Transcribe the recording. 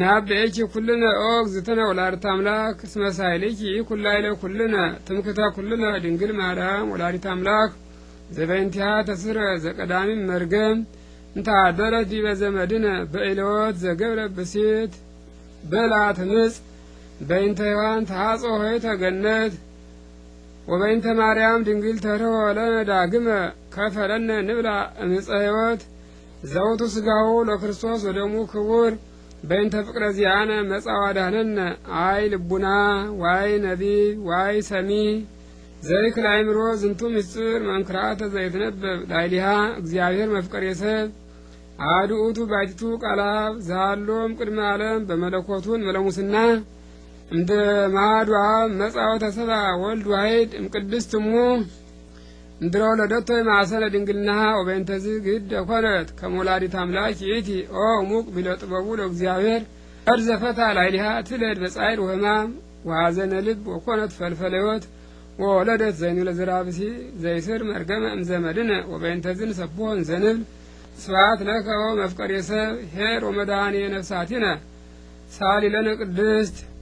ናቤኪ ኩልነ ኦ እግዝእትነ ወላዲተ አምላክ እስመ ሳይልኪ ኩላ ኩልነ ትምክተ ኩልነ ድንግል ማርያም ወላዲተ አምላክ ዘበይንቲሃ ተስረ ዘቀዳሚ መርገም እንታደረት ዲበ ዘመድነ በኢለወት ዘገብረ ብሲት በላ ትምጽ በይንተ ሔዋን ተሐጽኦ ኆኅተ ገነት ወበይንተ ማርያም ድንግል ተርኅወ ለነ ዳግመ ከፈለነ ንብላ እምፀ ሕይወት ዘውቱ ስጋሁ ለክርስቶስ ወደሙ ክቡር በእንተ ፍቅረ ዚያነ መጻ አይ ልቡና ዋይ ነቢብ ዋይ ሰሚ ዘይክ ምሮ ዝንቱ ምስጢር መንክራተ ዘይትነበብ ላይሊሃ እግዚአብሔር መፍቀር የሰ አሐዱ ውእቱ ቃላ ዛሎም ቅድመ ዓለም በመለኮቱን መለሙስና እንደ መሐዱ አብ መጻወተ ሰብአ ወልድ ዋሕድ እምቅድስት እሙ እንድሮ ወለደቶ የማእሰረ ድንግልናሃ ወበእንተዝ ግድ ኮነት ከመውላዲት አምላክ ይእቲ ኦ ሙቅ ቢለጥበቡ ለእግዚአብሔር እርዘፈታ ላይሊሃ ትለድ በጻይድ ወህማም ወሐዘነ ልብ ወኮነት ፈልፈለ ሕይወት ወወለደት ዘይኑ ለዝራብሲ ዘይስር መርገመ እምዘመድነ ወበእንተዝን ሰብሆን ዘንብል ስብሐት ለከ ወመፍቀሬ ሰብ ኄር ወመድኃኔ ነፍሳቲነ ሳሊ ለነ ቅድስት